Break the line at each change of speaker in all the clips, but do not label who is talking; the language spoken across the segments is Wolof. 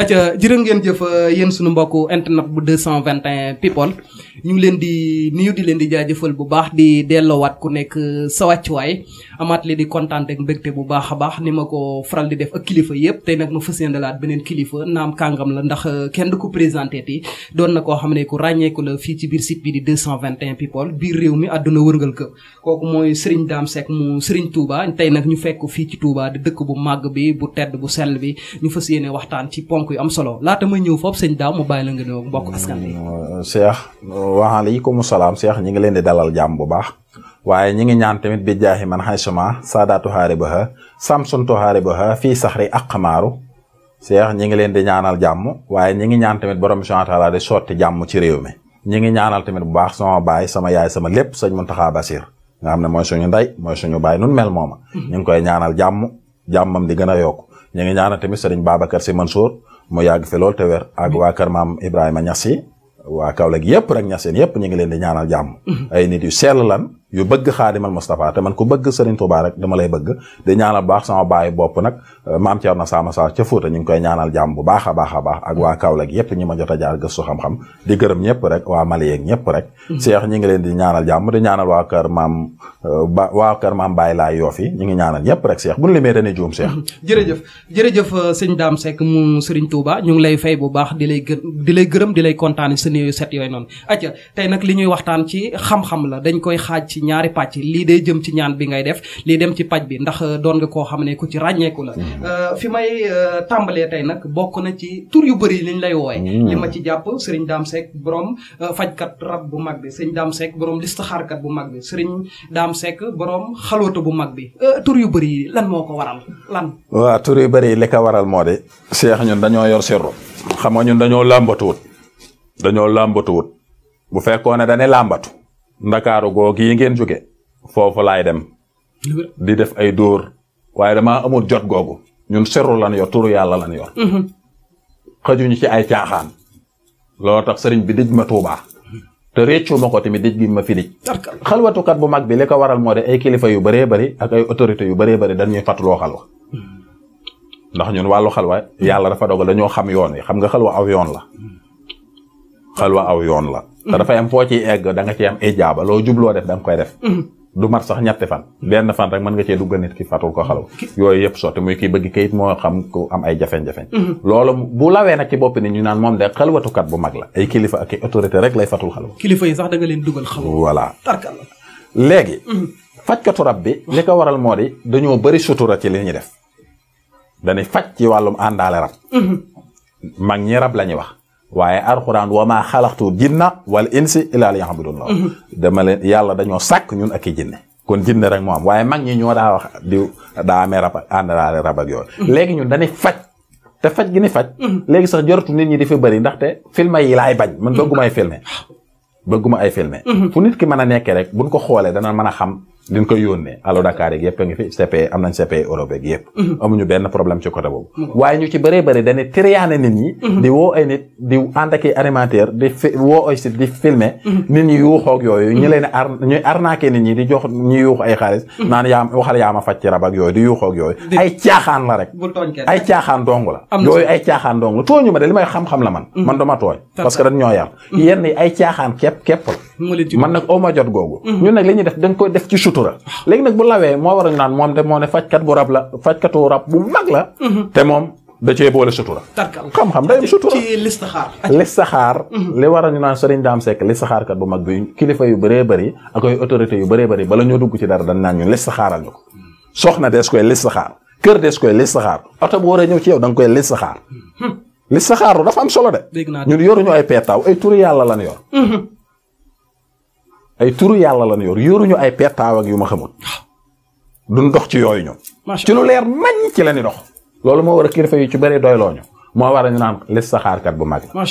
acca jërë ngeen jëf yéen suñu mbokku internat bu cent 221 people ñu ngi leen di nuyu di leen di jaajëfal bu baax di delloowaat ku nekk uh, sa wàccuwaay amaat leen di kontaan ak mbégte bu baax a baax ni ma ko faral di def ak kilifa yëpp tey nag ma fas yéendalaat beneen kilifa naam kàngam la ndax uh, kenn du ko présenté ti doon na koo xam ne ku ràññeeku la fii ci biir site bi di 221 people biir réew mi àdduna wërngal këpp kooku mooy Serigne Dame Seck mu Serigne Touba tey nag ñu fekk fii ci Touba di dëkk bu màgg bi bu tedd bu sell bi ñu fas yéene waxtaan ci ponk yu am solo laata ma ñëw foofu sëñ daam mu bàyyi la nga ñëw mbokk askan wi.
Mm, waaleykum salaam Cheikh ñi ngi leen di dalal jàmm bu baax waaye ñi ngi ñaan tamit bi jaaxi man xaysama saadaatu xaaribaha samsuntu xaaribaha fii saxri aqmaaru Cheikh ñi ngi leen di ñaanal jàmm waaye ñi ngi ñaan tamit borom subhaana taala di jàmm ci réew mi ñi ngi ñaanal tamit bu baax sama baay sama yaay sama lépp sëñ Muntaxa Basiir nga xam ne mooy suñu nday mooy suñu baay nun mel mooma ñu ngi koy ñaanal jàmm jàmmam di gën a yokku ñu ngi ñaanal tamit sëriñ Babacar Si Mansour mu yàgg fi lool te weer ak waa kër maam Ibrahima Ñas yi waa Kaolack yëpp rek ñaseen yëpp ñu ngi leen di a jàmm. Mm-hmm. ay nit yu sell lan yu bëgg xaadimal Moustapha te man ku bëgg Serigne Touba rek dama lay bëgg di ñaanal baax sama baay bopp nag euh, maam Thierno Sama Sarr ca Fouta ñu ngi koy ñaanal jàmm bu baax a baax a baax ak waa Kaolack yépp ñi ma jot a jaar gëstu xam-xam di gërëm ñëpp rek waa Mali yeeg ñëpp rek mm-hmm. Cheikh ñi ngi leen di ñaanal jàmm di ñaanal waa kër maam euh, ba waa kër maam Baye laa yoo fi ñi ngi ñaanal ñëpp rek Cheikh bu ñu limee dañuy juum Cheikh mm-hmm.
jërëjëf jërëjëf euh, sëñ Dame Seck mu Serigne Touba ñu ngi lay fay bu baax di lay di lay gërëm di lay kontaane sa néew yu set yooyu noonu acca tey nag li ñuy waxtaan ci xam-xam la dañ koy xaaj ci ci ñaari pàcc lii de jëm ci ñaan bi ngay def lii dem ci paj bi ndax euh, doon nga koo xam ne ku ci ràññeeku la mm-hmm. euh, fi may euh, tàmbalee tey nag bokk na ci tur yu bëri liñ lay wooye mm-hmm. li ma ci jàpp sëriñ Dame Seck borom fajkat rab bu mag bi sëriñ Dame Seck borom listaxaarkat bu mag bi sëriñ Dame borom xalooto bu mag bi tur yu bëri yi lan moo ko waral lan
waaw tur yu bëri yi li ko waral moo de seex ñun dañoo yor sirru xam nga ñun dañoo làmbatuwut dañoo làmbatuwut bu fekkoon ne dañuy làmbatu ndakaaru goog yi ngeen jóge foofu laay dem di def ay dóor waaye damaa amul jot googu ñun seru lan yor turu yàlla lan yor mhm. xajuñu ci ay caaxaan loolu tax sëriñ bi dij ma tuubaa te réccu ma ko tamit dij gi ma fi dij xalwatukat bu mag bi li waral moo de ay kilifa yu bëree bëri ak ay autorités yu bëree bëri dañuy fàttaloo xalwa mhm. ndax ñun wàllu xalwa yàlla fa dogal dañoo xam yoon wi xam nga xalwa aw la mhm. xalwa aw yoon la te dafay am foo ciy egg da nga ciy am ijaaba loo jubloo def danga koy def mm-hmm. du mat sax ñetti fan benn fan rek mën nga cee dugg nit ki fatul ko xalwa yooyu yëpp sotti muy kii bëgg kayit moo xam ku am ay jafe-jafe mm-hmm. loolu bu lawee nag ci bopp ni ñu naan moom de xalwatukat bu mag la ay kilifa ak ay autorité rek lay fatul xalwa
kilifa yi sax danga nga leen dugal xalwa voilà tarkalla
léegi mm-hmm. fajkatu rab bi li ko waral moo di dañoo bëri sutura ci li ñuy def dañuy faj ci wàllum àndaale rab mag ñi ñuy wax waaye alxuraan wa maa xalaxtu jinna wal insi illaa liya'budun dama leen yàlla dañoo sàkk ñun ak i jinne kon jinne rek moom waaye mag ñi ñoo daa wax di daa amee rab àndalaale rab ak yooyu mm-hmm. léegi ñun dañuy faj te faj gi ni faj mm-hmm. léegi sax jortu nit ñi di fi bëri ndaxte filme yi laay bañ man bëgguma ay filme mm-hmm. bëgguma ay filme fu nit ki mën a nekkee rek buñ ko xoolee dana mën a xam diñ koy yónnee allo Dakar yeeg yëpp a ngi fi CPE am nañ CPE Europe yeeg yëpp. Mhm. amuñu benn problème ci côté boobu. Mhm. waaye ñu ci bëree bëri dañuy triyaane nit ñi. Mhm. di woo ay nit di ànd ak i animateur di fi woo ay site nit ñi ar ñuy arnaqué nit ñi di jox ñi yuux ay xaalis. naan yaa waxal yaa ma faj ci rab ak yooyu di yuuxoog yooyu. ay caaxaan la rek. ay caaxaan dong la. yooyu ay caaxaan dong la tooñu ma de li may xam-xam la man. man dama tooñ. parce que dañ ñoo yar. yenn ay caaxaan képp képp la. man nag oo ma jot googu. sutura léegi nag bu lawee moo waral naan moom de moo ne fajkat bu rab la fajkatu rab bu mag la mhm. te moom da cee boole sutura xam-xam day am sutura ci listaxaar listaxaar mhm. li war a ñu naan sëriñ daam sekk listaxaarkat bu mag bi kilifa yu baree bari a ay autorités yu bëree bari bala ñoo dugg ci dara dañ naan ñu listaxaaral ñu ko soxna des koy listaxaar kër des koy listaxaar oto bu war a ñëw ci yow da nga koy listaxaar mhm. listaxaaru dafa am solo de ñun yoruñu ay peetaaw ay turi yàlla lan yor ay turu yàlla lan yor yoruñu ay pettaaw ak yu ma xamul duñ dox ci yooyu ñun ci lu leer nañ ci la ni dox loolu moo war a kilifa yu ci bëri doyloo ñu moo war a ñu naan lis saxaarkat bu mag la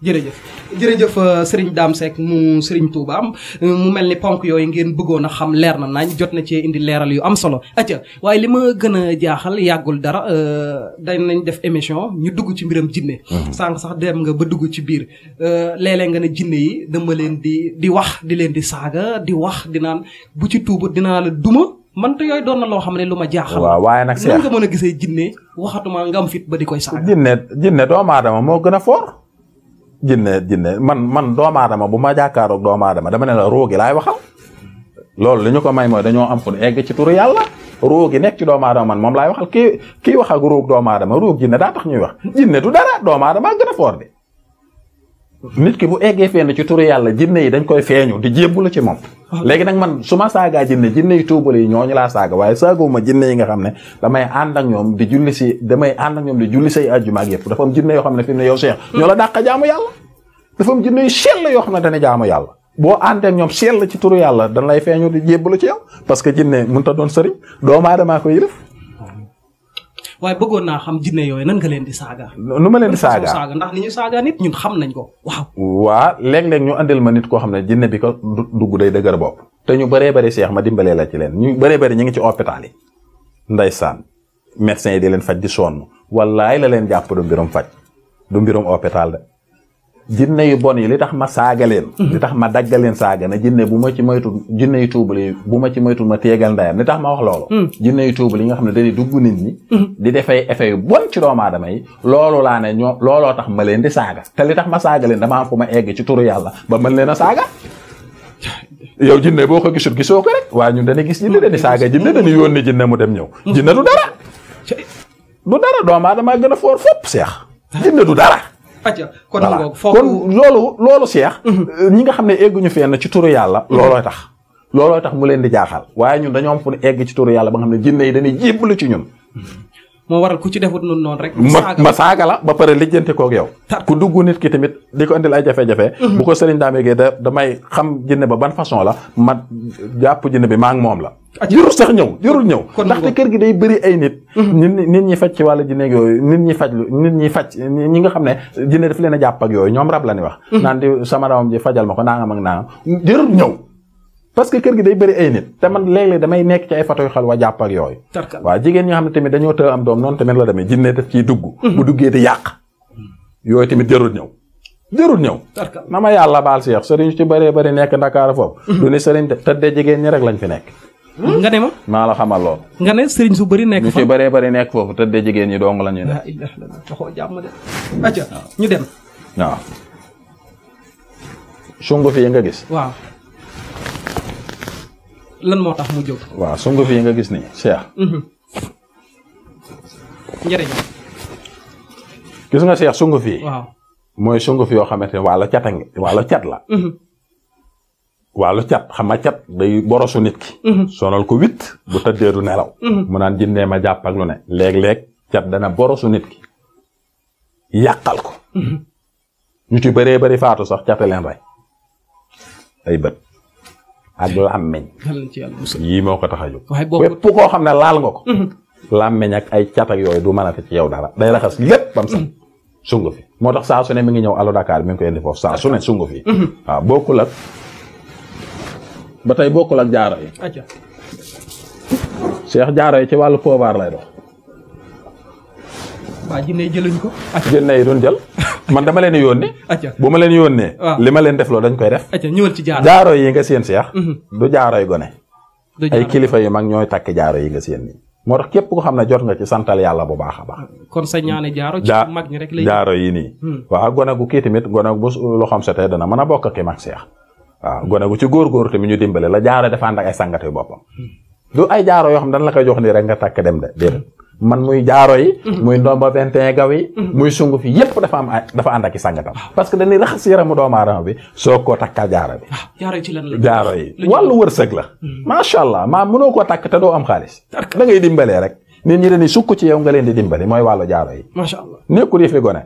jërëjëf
jërëjëf euh, Serigne Dame Seck mu Serigne Touba euh, mu mel ni ponk yooyu ngeen bëggoon a xam leer na nañ jot na cee indi leeral yu am solo acca waaye li ma gën a jaaxal yàggul dara euh, dañ nañ def émission ñu dugg ci mbiram jinne mhm. sànq sax dem nga ba dugg ci biir léeg-léeg nga ne jinne yi dama leen di di wax di leen di saaga di wax di naan bu ci tuuba dinaa la duma man te yooyu doon na loo xam ne lu ma
jaaxal. waaw waaye nag seex nga
mën a gisee jinne waxatuma
ngam am fit ba di koy saaga. jinne jinne doomu aadama moo gën a foor jinne jinne man man doomu aadama bu ma jàkkaaroog doom aadama dama ne la roogi laay waxal loolu li ñu ko may mooy dañoo am fu egg ci turu yàlla roogi nekk ci doomu aadama man moom laay waxal kii kii wax ak roog doomu aadama roog jinne daa tax ñuy wax jinne du dara doomu aadama gën a foor bi nit ki bu eggee fenn ci turu yàlla jinne yi dañ koy feeñu di jébbu la ci moom ah. léegi nag man su ma saagaa jinne jinne yi tuubale yi ñooñu laa saaga waaye saagawuma jinne yi nga xam ne damay ànd ak ñoom di julli si damay ànd ak ñoom di julli say àjjuma ak yëpp dafa am jinne yoo xam ne fi mu ne yow seex hmm. ñoo la dàq jaamu yàlla yoo xam ne dana jaamu yàlla boo àndeek ñoom sell ci turu yàlla dañ lay feeñu di jébbu la ci yow parce que jinne mun ta doon sëriñ doomu aadamaa koy yëlëf
waaye bëggoon naa xam jinne yooyu nan nga leen di saaga. nu ma leen di saaga saaga ndax li ñu saaga nit ñun xam nañ ko waaw.
waa léeg-léeg ñu andil ma nit koo xam ne jinne bi ko dugg day dëgër bopp. te ñu bëree bëri seex ma dimbalee la ci leen ñu bëree bëri ñu ngi ci hôpital yi. ndeysaan médecin yi di leen faj di sonn wallaay la leen jàpp du mbirum faj du mbirum hôpital de jinne yu bon yi li tax ma saaga leen mhm. li tax ma dagga leen saaga na jinne bu ma ci moytu jinne yu tuubal bu ma ci moytu ma téegal ndayam li tax ma wax loolu mm. jinne yu tuubal yi nga xam ne dañuy dugg nit ñi mm-hmm. di defay effet yu bon ci doomu aadama yi loolu laa ne ñoo looloo tax ma leen di saaga te li tax ma saaga leen dama fu ma egg ci turu yàlla ba mën leen a saaga yow jinne boo ko gisul gisoo ko rek waaye ñun dañuy gis jinne dañuy mm-hmm. saaga jinne dañuy yónni jinne mu dem ñëw mm-hmm. jinne du dara du dara doomu aadama gën a foor seex kon loolu loolu seex mhm. euh, ñi nga xam ne egguñu fenn ci turu yàlla mhm. loolooy tax loolooy tax mu leen di jaaxal waaye ñun dañoo am fu egg ci turu yàlla ba nga xam ne jinne yi dañuy jébbalu ci ñun mhm.
moo waral ku ci defut noonu noonu rek.
ma saaga la ba pare lijjanti koog yow. ku dugg nit ki tamit di ko indil ay jafe-jafe. Mhm. bu ko Serigne Dame Gueye da damay xam jinne ba ban façon la ma jàpp jinne bi maa ngi moom la. Ah, jërul sax ñëw jërul ñëw ndaxte kër gi day bëri ay nit mhm. nit nit ñi faj ci wàllu jinne ak yooyu nit ñi faj nit ñi faj ñi nga xam ne jinne daf leen jàpp ak yooyu ñoom rab la ni wax mhm. naan di sama rawam ji fajal ma ko naangam ak naangam jërul ñëw parce que kër gi day bëri ay nit te man léeg-léeg damay nekk ci ay fatoy xal wa jàpp ak yooyu waaw jigéen ñoo xam ne tamit dañoo të am doom noonu tamit la demee jinne daf dugg mhm. yàq tamit jarul ñëw jërul ñëw na ma yàlla baal seex sëriñ ci bëree bëri nekk ndakaara foofu mhm. du ne sëriñ te tëddee jigéen ñi rek lañ fi nekk mhm. nga ne ma maa la xamal lool nga ne sëriñ su bëri nekk foofu ñu ci bëree bëri nekk foofu tëddee ñi dong la ñuy
def taxoo jàmm de acca dem
waaw sungu fi nga gis
lan moo tax mu jóg.
waaw sunguf yi nga gis nii Cheikh. Mhm. gis nga Cheikh sunguf yi. mooy sunguf yoo xamante ne waalo cat a cat la. Mhm. wàllu cat xam cat day borosu nit ki. Mhm. sonal ko witt bu tëddee nelaw. mu naan jinnee ma jàpp ak ne léeg-léeg cat dana borosu nit ki yàqal ko. ñu ci bëree bëri faatu sax cate leen rey ay bët. ak làmmeñ yii ko tax a jóg képp koo xam ne laal nga ko mm-hmm. ak ay cat yooyu du mën a yow dara day raxas lépp bam sax mm-hmm. sungu moo tax saa su ne mi ngi ñëw Allo Dakar mi koy indi foofu saa fi mm-hmm. waaw bokkul ak ba tey bokkul jaaro yi Cheikh jaaro yi ci wàllu poobaar lay dox waa jinne yi jëluñ doon jël man dama leen yónnee. bu ma leen yónnee. Ah. li ma leen def loolu dañ koy def. ñëwal ci jaaro jaaro yi nga seen seex. Mhm. du jaaroy gone. ay kilifa yu mag ñooy takk jaaro yi nga seen nii. moo képp ko xam ne jot nga ci santal yàlla bu baax a baax.
kon sa ñaane jaaro ci mag ñi rek lay jaaro yi
nii. Hmm. waaw gone gu kii tamit gone bu loxoom setee dana mën a bokk ak ki mag seex. waaw gone gu ci góor-góor tamit ñu dimbale la jaaro dafa ànd ak ay sàngate boppam. Hmm. du ay jaaro yoo xam ne dañ la koy jox nii rek nga takk dem de déedéet. man muy jaaro yi mm-hmm. muy ndomba 21 gaw yi mm-hmm. muy sungu fi yépp dafa am dafa ànd ak i sàngatam ah. parce que dañuy raxas yaramu doomu aadama bi soo koo takkal jaaro bi ah, jaaro yi wàllu wërsëg la mm-hmm. macha allah maa mënoo koo takk te doo am xaalis da ngay dimbalee rek nit ñi dañuy sukk ci yow nga leen di dimbali mooy wàllu jaaro yi macha allah nekkul gone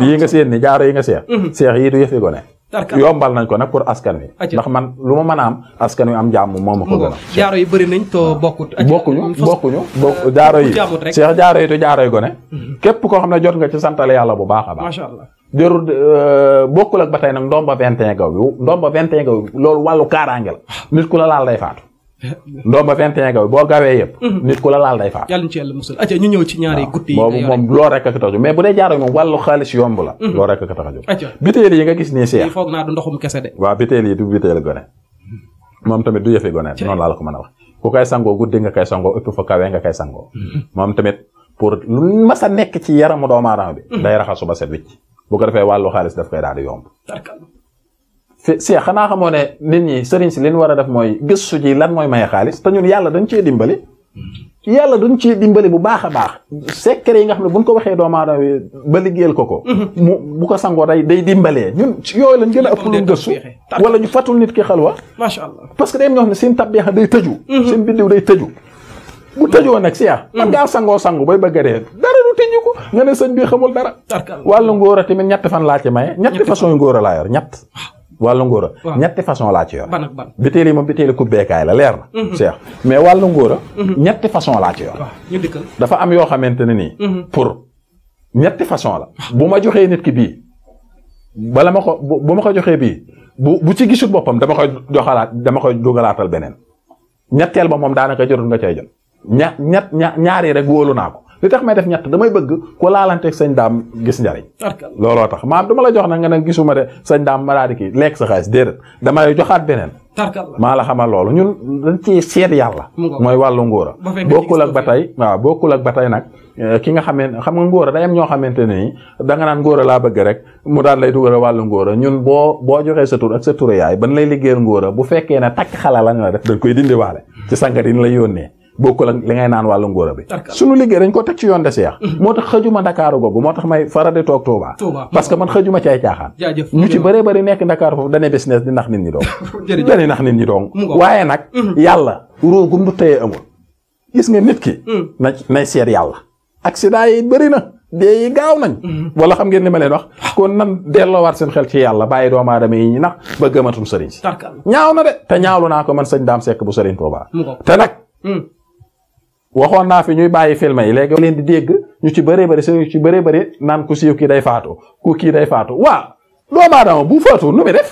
yi nga seen ni jaaro yi nga seex seex yi du yëfi gone yombal nañ ko nag pour askan wi ndax man lu ma mën a am askan wi am jàmm moom ma ko gën jaaro yi bëri nañ to bokkut bokkuñu bokkuñu bokk jaaro yi Cheikh jaaro yi te jaaro yi gone mhm. képp koo xam ne jot nga ci santale yàlla bu baax a baax macha allah jërul euh, bokkul ak ba tey nag ndomba 21 gaw bi ndomba 21 gaw bi loolu wàllu kaaraange la ah. nit ku la laal day faatu ndoom ba 21 gaw boo gawee yëpp. Mhm. nit ku la laal day faat. ñu ñëw ci ñaari guddi yi. boobu moom loo rek ak tax mhm. tax a jóg. atia bitéel yi nga gis nii seex. foog naa du ndoxum mhm. moom tamit du yëfi gone noonu laa la ko mën a wax. ku koy sangoo guddi nga koy sangoo ëpp fa kawee nga koy sangoo. moom tamit pour mas a nekk ci yaramu doomu aadama bi. day raxas suba set wicc bu ko defee wàllu xaalis daf koy daal yomb Cheikh xanaa xamoo ne nit ñi sëriñ si li ñu war a def mooy gëstu ji lan mooy maye xaalis te ñun yàlla dañ cee dimbali. yàlla duñ ci dimbali bu baax a baax secret yi nga xam ne buñ ko waxee doomu ba liggéeyal ko ko mhm. mu bu ko sangoo day day dimbalee ñun yooyu lañ gën a ëpp luñ gëstu wala ñu fàttul nit ki xalwa macha allah parce que day ñoo xam ne seen tabbeexa day tëju mhm. seen biddiw day tëju bu tëjoo nag si ah ngaa sangoo sangu bay bëgg a dee dara du tëju ko nga ne sëñ bi xamul dara wàllu ngóor fan laa ci maye ñetti façon ngóor a laa yor wàllu ngóora ñetti façon laa ci yor ban ak ban bitéel yi moom bitéeli coupe beekaay la leer na seex mhm. mais wàllu ngóora mhm. ñetti façon laa ci yor dafa am yoo xamante ne nii mhm. pour ñetti façon la bu ma joxee nit ki bii bala ma ko bu ma ko joxee bii bu bu ci gisul boppam dama koy joxalaat dama koy dugalaatal beneen ñetteel ba moom daanaka jotul nga cay jot ña ña ñaari rek wóolu naa ko li tax may def ñett damay bëgg ku laalanteeg sañ daam gis njariñ looloo tax maa du la jox nag nga ne gisuma de sañ daam ma daal di lekk sa xaalis déedéet dama lay joxaat beneen maa la xamal loolu ñun dañ ci seet yàlla mooy wàllu ngóora bokkul ak ba tey waaw bokkul ak ba tey nag eh, ki nga xamee xam nga ngóora day am ñoo xamante ne nii danga naan ngóora laa bëgg rek mu daan lay dugal wàllu ngóora ñun boo boo joxee sa tur ak sa turu yaay ban lay liggéeyal ngóora bu fekkee ne takk xala la def dañ koy dindiwaale ci sangat yi yónnee bokkul ak li ngay naan wàllu ngóora bi suñu liggéey dañ ko teg ci yoon de seex mhm. moo tax xëjuma ndakaaru googu moo tax may fara toog Touba parce que man xëjuma ci ay caaxaan ñu ci bëree bëri nekk ndakaaru foofu dane business di nax nit ñi doong dane nax nit ñi doong waaye nag mhm. yàlla róogum du tayee amul gis nga nit ki mhm. na nay seet yàlla accident yi bëri na dee yi gaaw nañ wala xam ngeen li ma leen wax kon nan delloo delloowaat seen xel ci yàlla bàyyi doomu aadama yi ñi nax ba gëmatum sëriñ si ñaaw na de te ñaawlu naa ko man sëñ daam sekk bu sëriñ Touba te waxoon naa fi ñuy bàyyi filma yi léegi leen di dégg ñu ci bëree bëri suñu ci bëree bëri naan ku siiw kii day faatu ku kii day faatu waa doomu aadama bu faatu nu muy def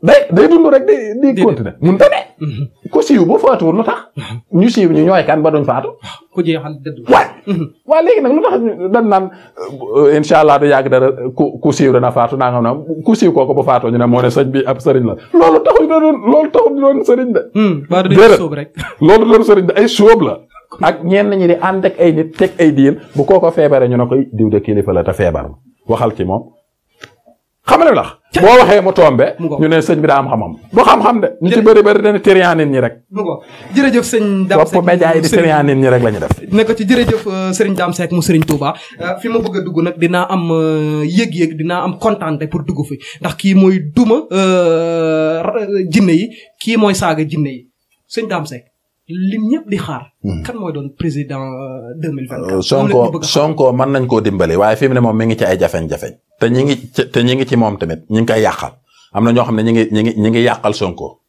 day day dund rek day day continuer mun ta mhm. ku siiw ba faatuwul lu tax mhm. ñu siiw ñu ñooy kan ba duñ faatu ku jeexal dëdd waay mhm. waaw léegi nag lu tax dañ naan euh, incha allah du yàgg dara ku ku siiw dana faatu naa ko na ku siiw kooku ba faatoo ñu ne moo ne sëñ bi ab sëriñ la loolu taxul da doon loolu taxul di doon sëriñ de hmm, déedéet loolu doon sëriñ de ay sóob la ak ñenn ñi di ànd ak ay nit teg ay diil bu kooko feebaree ñu ne koy diw de kilifa la te feebar waxal ci moom xam nga boo waxee mu tombe ñu nee sëñ bi daa am xam-xam du xam-xam de ñu ci bëri bëri dañu térianin ñi rek mu ko jërëjëf sëñ Dame Seck topp média yi di ñi rek la ñu def
ne ko ci jërëjëf euh, sëriñ Dame Seck mu sëriñ Touba euh, fi ma bëgg a dugg nag dinaa am euh, yëg-yëg dinaa am kontaan pour dugg fi ndax kii mooy duma jinne yi kii mooy saaga jinne yi sëñ Dame lim ñëpp di xaar. Hmm. kan doon président 2024. Euh, euh, Sonko
Sonko mën nañ koo dimbali waaye fi mu ne moom mi ngi ci ay jafeñ-jafeñ. te ñi ngi ci te ñi ngi ci moom tamit ñi ngi koy yàqal am na ñoo xam ne ñi ngi ñi ngi ñi ngi yàqal Sonko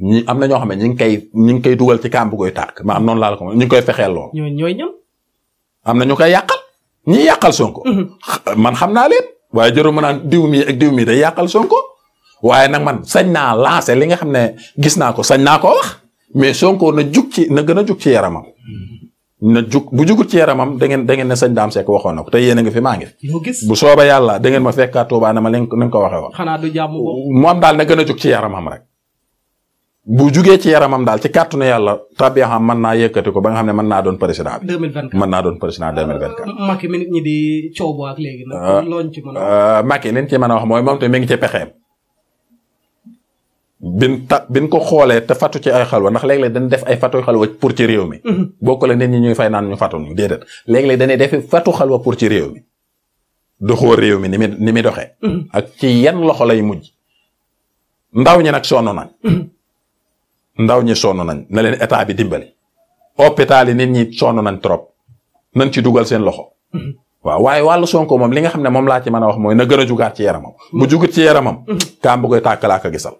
ñi am na ñoo xam ne ñi ngi koy ñi ngi koy dugal ci kàmb koy tàkk ma am noonu laal ko ñu ngi koy fexeel lool. ñooy ñooy am na ñu koy yàqal ñi yàqal Sonko.
Mm-hmm.
man xam naa leen waaye jarul ma naan diw mi ak diw mi day yàqal Sonko waaye nag man sañ naa lancer li nga xam ne gis naa ko sañ naa ko wax. mais Sonko na jug ci na gën a jug ci yaramam. Mm-hmm. na jug bu jugut ci yaramam da ngeen da ngeen ne sëñ Dame Seck waxoon ko te yéen a ngi fi maa ngi
fi.
bu sooba yàlla da ngeen ma fekkaat Touba na ma leen ko waxee woon.
xanaa du jàmm
moom daal na gën a jug ci yaramam rek. bu jugee ci yaramam daal ci kàttanu yàlla tabiaxam mën naa yëkkati ko ba nga xam ne mën naa doon président bi.
2024
naa doon président 2024.
Ah, Macky mi nit ñi di coow ak léegi ah, ah, ci
mën a wax. mooy moom te mi ci pexeem. bin ta bin ko xoolee te fatu ci ay xalwa ndax léeg-léeg dañuy def ay fatu xalwa pour ci réew mi. Mhm. bokkule nit ñi ñuy fay naan ñu fatu ñu déedéet léeg-léeg dañuy def fatu xalwa pour ci réew mi doxoo réew mi ni muy ni muy doxee. Mhm. ak ci yenn loxo lay mujj. ndaw ñi nag sonn nañ. Mhm. ndaw ñi sonn nañ na leen état bi dimbali. hôpital yi nit ñi sonn nañ trop nañ ci dugal seen loxo. waaw waaye wàllu Sonko moom li nga xam ne moom laa ci mën a wax mooy na gën a jugaat ci yaramam. bu jugut ci yaramam. kaam bu koy tàkkalaaka gisal.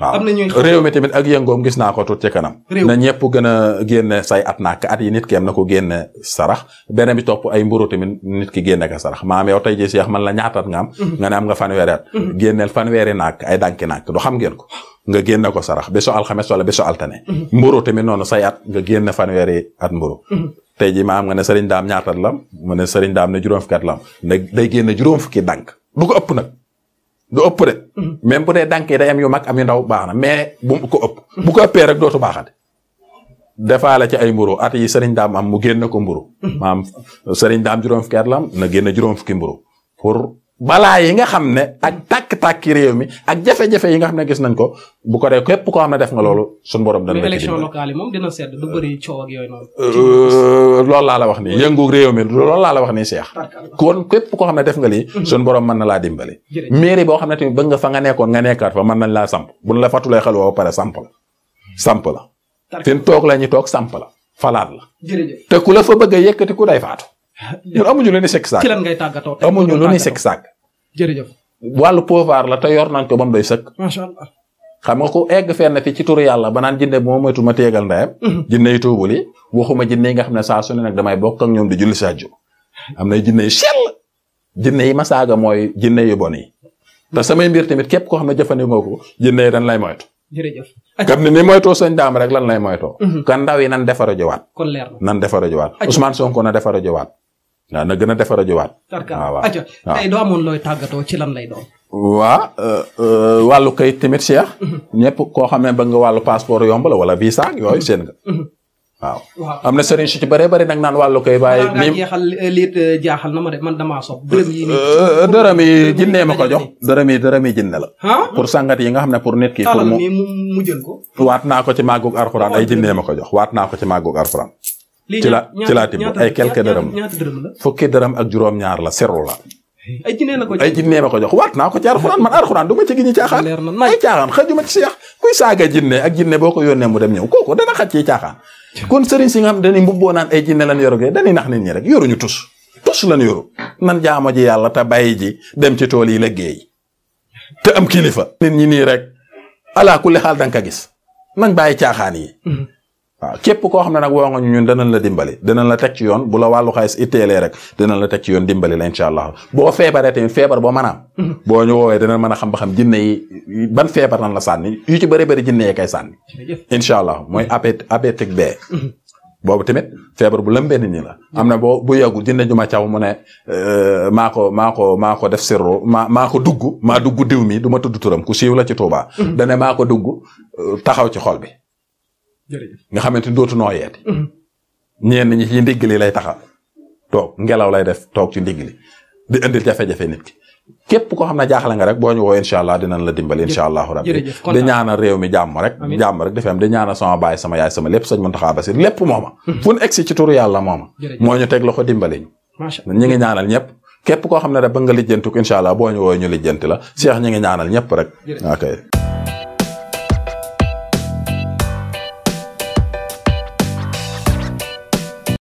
am na ñuy réew mi tamit ak yëngoom gis naa ko tut ci kanam. na ñëpp gën a génne say at nàkk at yi nit ki am na ko génne sarax beneen bi topp ay mburu tamit nit ki génne ko sarax maam yow tey jii seex man la ñaatat nga am. Mhm. nga am nga fanweeri at. Mhm. génneel fanweeri nàkk ay dànki xam ngeen ko. nga génne ko sarax bésu alxames wala bésu altane. Mhm. mburu tamit noonu say at nga génne fanweeri at mburu. tey jii maam nga ne sëriñ daam ñaatat la mu ne sëriñ daam ne juróom fu at la am day génne juróom fukki dànk du ko ëpp nag du ëpp de. Mhm. même bu dee dànk yi day am yu mag am yu ndaw baax na mais bu ko ëpp. bu ko ëppee rek dootu baaxante. defaale ci ay mburu at yi sëriñ daam am mu génn ko mburu mhm. maam sëriñ daam juróom fukki at la am na génn juróom fukki mburu pour balaa yi nga xam ne ak tàkk-tàkki réew mi ak jafe-jafe yi nga xam ne gis nañ ko bu ko dee képp koo xam ne def nga loolu suñu borom dana la élection
locale yooyu noonu
euh, loolu laa la wax nii yëngu réew mi loolu laa la wax nii Cheikh kon képp koo xam ne def nga lii mhm. suñu borom mën na laa dimbali mairie boo xam ne tamit bëgg nga fa nga nekkoon nga nekkaat fa mën nañ laa samp buñ la fatulee xel woo ba pare samp la samp la fi toog la ñu toog samp la falaat la te ku la fa bëgg a yëkkati ku day faatu ñun amuñu lu ni sek saak. ci lan
ngay tàggatoo amuñu lu ni
sek saak. jërëjëf. wàllu pouvoir la te yor nañ ko ba mu doy sëkk. macha allah. xam nga ku egg fenn fi ci turu yàlla ba naan jinne moo moytu ma teegal ndeyam. Mhm. jinne yi tuubuli waxuma jinne yi nga xam ne saa su ne nag damay bokk ak ñoom di julli saaju. am na jinne yu sell jinne yi ma saaga mooy jinne yu bon yi. te samay mbir tamit képp koo xam ne jëfandikoo ko jinne yi dañ lay moytu. jërëjëf. kam ne ni moytoo sëñ daam rek lan lay moytoo. Mhm. kan ndaw yi nan defar a jowaat. kon leer nan defar a jowaat. Ousmane Sonko na defar a jowaat. waaw na gën a defar a jowaat.
waaw waaw tey doo looy tàggatoo ci lan lay
doon. waa euh, euh, wàllu kayit tamit Cheikh. Mhm. ñëpp koo xam ne ba nga wàllu passeport yomb la wala visa yooyu seen nga. Mhm. waaw am na sëriñ su ci bëree bëri nag naan wàllu kay bàyyi. ni
jeexal euh, lii jaaxal ma de man damaa sopp.
dërëm yi dërëm ma ko jox. dërëm yi dërëm yi jinne la. pour sangat yi nga xam ne pour nit ki. pour mu mu jël ko. waat naa ko ci màggug arxuraan ay jinnee ma ko jox waat naa ko ci màggug arxuraan ci la ci laa tibb ay quelques dërëm fukki dërëm ak juróom-ñaar la seru la.
ay jinne la ko jox ay
ko jox waat naa ko ci arxuraan man arxuraan du ma ci gi ñu caaxaan ay caaxaan xajuma ci saaga jinne ak jinne boo ko yónnee mu dem ñëw kooku dana xaj ci caaxaan kon sëriñ si nga xam dañuy mbubboo naan ay jinne lan yorogee dañuy nax nit ñi rek yoruñu tus tus lan yoru nan jaamo ji yàlla te bàyyi ji dem ci tool yi liggéey te am kilifa nit ñi nii rek ala kulli xaal danga ka gi nañ bàyyi caaxaan yi mm-hmm. waaw képp koo xam ne nag woo ñun danañ la dimbali danañ la teg ci yoon bu la wàllu xaalis itteelee rek danañ la teg ci yoon dimbali la incha allah boo feebaree tamit feebar boo mën mm-hmm. boo ñu woowee danañ mën a xam ba xam jinne yi ban feebar nan la sànni yu ci bëri bëri jinne yee kay sànni incha allah mooy mm-hmm. apet apetik bee mm-hmm. boobu tamit feebar bu lëmbee nit nii la am na boo bu yàggu jinne ju ma caw mu ne euh, maa ko maa ko maa ko def sirru maa maa ko dugg maa dugg diw mi du tudd turam ku siiw la ci Tuubaa dane maa ko dugg euh, taxaw ci xol bi jërëjëf nga xamante ni dootu nooyeeti. Mm-hmm. ñenn ñi ci ndigg li lay taxa toog ngelaw lay def toog ci ndigg li di indil jafe-jafe nit ki képp koo xam ne jaaxle nga rek boo ñu woo la dimbali incha allahu rabbi di ñaanal réew jàmm rek jàmm rek dafay am di ñaanal sama baay sama yaay sama lépp lépp mooma mm-hmm. fu ñu egsi ci turu yàlla mooma moo ñu teg ñi ngi ñaanal ñëpp képp koo xam ne rek ba nga lijjantu ko incha allah boo ñu woo ñu lijjanti la Cheikh ñi ngi ñaanal ñëpp